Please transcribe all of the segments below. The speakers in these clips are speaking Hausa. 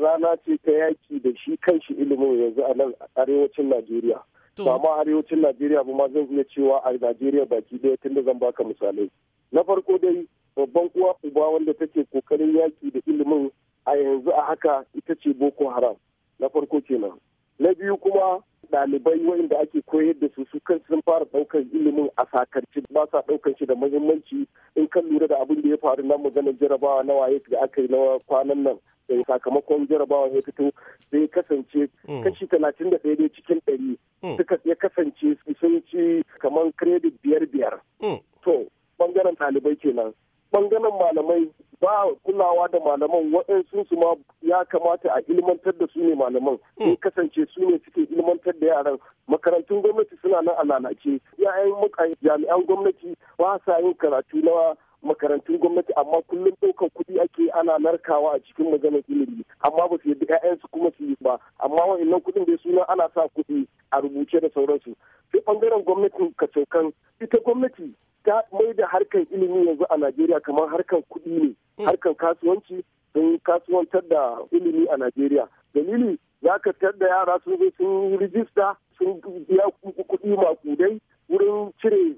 rana ce ta yaki da shi kanshi ilimin yanzu a nan arewacin Najeriya. Ba ma arewacin Najeriya ba ma zan iya cewa a Najeriya baki ɗaya tun da zan baka misalai. Na farko dai babban uwa uba wanda take kokarin yaki da ilimin a yanzu a haka ita ce Boko Haram. Na farko kenan. Na biyu kuma ɗalibai wanda ake koyar da su su kan sun fara ɗaukar ilimin a sakarci ba sa ɗaukar shi da muhimmanci in kan lura da abin faru na maganin jarabawa na waye da aka yi na kwanan nan da sakamakon jarabawa ya fito sai kasance hmm. kashi talatin da ɗaya cikin ɗari hmm. suka ya kasance sun ci kamar kredit biyar biyar hmm. to bangaren ɗalibai kenan bangaren malamai ba kulawa da malaman waɗansu su ma ya kamata a ilmantar da su ne malaman sun kasance su ne suke ilmantar da yaran makarantun gwamnati suna nan a lalace 'ya'yan jami'an gwamnati ba sa yin karatu na makarantun gwamnati amma kullum ɗaukar kuɗi ake ana narkawa a cikin maganar ilimi amma ba su yadda su kuma su yi ba amma wa'annan kuɗin dai suna ana sa kuɗi a rubuce da sauransu sai ɓangaren gwamnatin kacokan ita gwamnati ta mai da harkar ilimi yanzu a najeriya kamar harkar kuɗi ne mm. harkar kasuwanci don kasuwantar da ilimi a najeriya dalili za ka da yara sun zo sun rijista sun biya kuɗi makudai wurin cire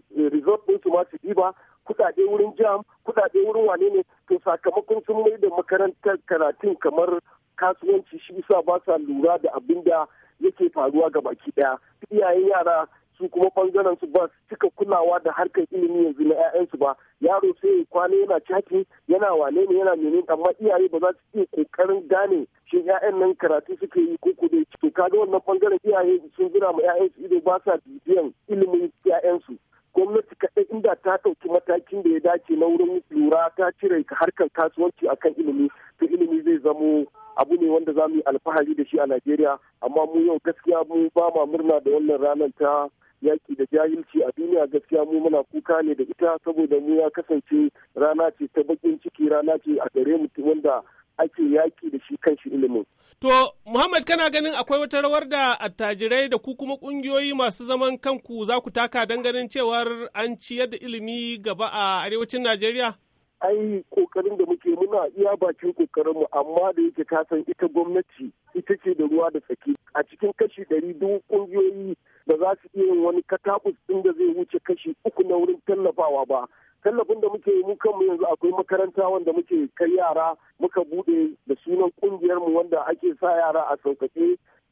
resort ɗin su ma su ba kuɗaɗe wurin jam kuɗaɗe wurin wane ne to sakamakon sun mai da makarantar karatun kamar kasuwanci shi sa ba sa lura da abin da yake faruwa ga baki ɗaya iyayen yara su kuma bangaren su ba cika kulawa da harkar ilimi yanzu na 'ya'yansu ba yaro sai ya kwana yana caki yana wane ne yana menene amma iyaye ba za su iya kokarin gane shi 'ya'yan nan karatu suke yi ko ko dai to kaga wannan bangaren iyaye sun jira ma 'ya'yansu ido ba sa bibiyan ilimin 'ya'yansu gwamnati kaɗai inda ta ɗauki matakin da ya dace na wurin lura ta cire harkar kasuwanci akan ilimi to ilimi zai zamo abu ne wanda za mu yi alfahari da shi a Najeriya amma mu yau gaskiya mu ba ma murna da wannan ranar ta yaki da jahilci a duniya gaskiya mu muna kuka ne da ita saboda mu ya kasance rana ce ta bakin ciki rana ce a gare mu wanda ake yaƙi da shi kan shi ilimin. To, Muhammad kana ganin akwai wata rawar da attajirai da ku kuma ƙungiyoyi masu zaman kanku za ku taka don ganin cewar an ciyar da ilimi gaba a arewacin Najeriya? Ai, ƙoƙarin da muke muna iya bakin ƙoƙarinmu, amma da yake kasan ita gwamnati ita ce da ruwa da tsaki. A cikin kashi ɗari duk ƙungiyoyi da za su iya wani katakus ɗin da zai wuce kashi uku na wurin tallafawa ba. tallafin da muke yi mu kanmu yanzu akwai makaranta wanda muke kai yara muka bude da sunan kungiyar mu wanda ake sa yara a sauƙaƙe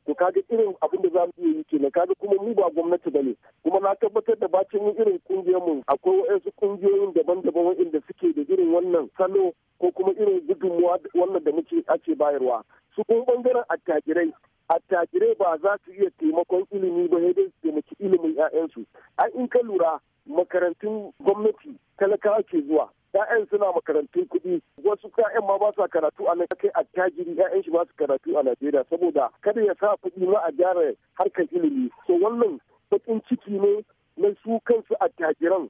to kaga irin abin da za mu iya yi kenan kaga kuma mu ba gwamnati bane kuma na tabbatar da bacin yin irin kungiyar mu akwai wasu kungiyoyin daban-daban waɗanda suke da irin wannan salo ko kuma irin gudunmuwa wannan da muke ake bayarwa su kuma bangaren attajirai attajirai ba za su iya taimakon ilimi ba sai su taimaki ilimin 'ya'yansu an in ka lura makarantun gwamnati talakawa ke zuwa ‘ya'yan suna makarantun kuɗi wasu ‘ya'yan ma ba sa karatu a nan kai attajiri ‘ya'yan shi ba su karatu a Najeriya saboda kada ya sa kuɗi na a gyara harkar ilimi so wannan bakin ciki ne na su kansu attajiran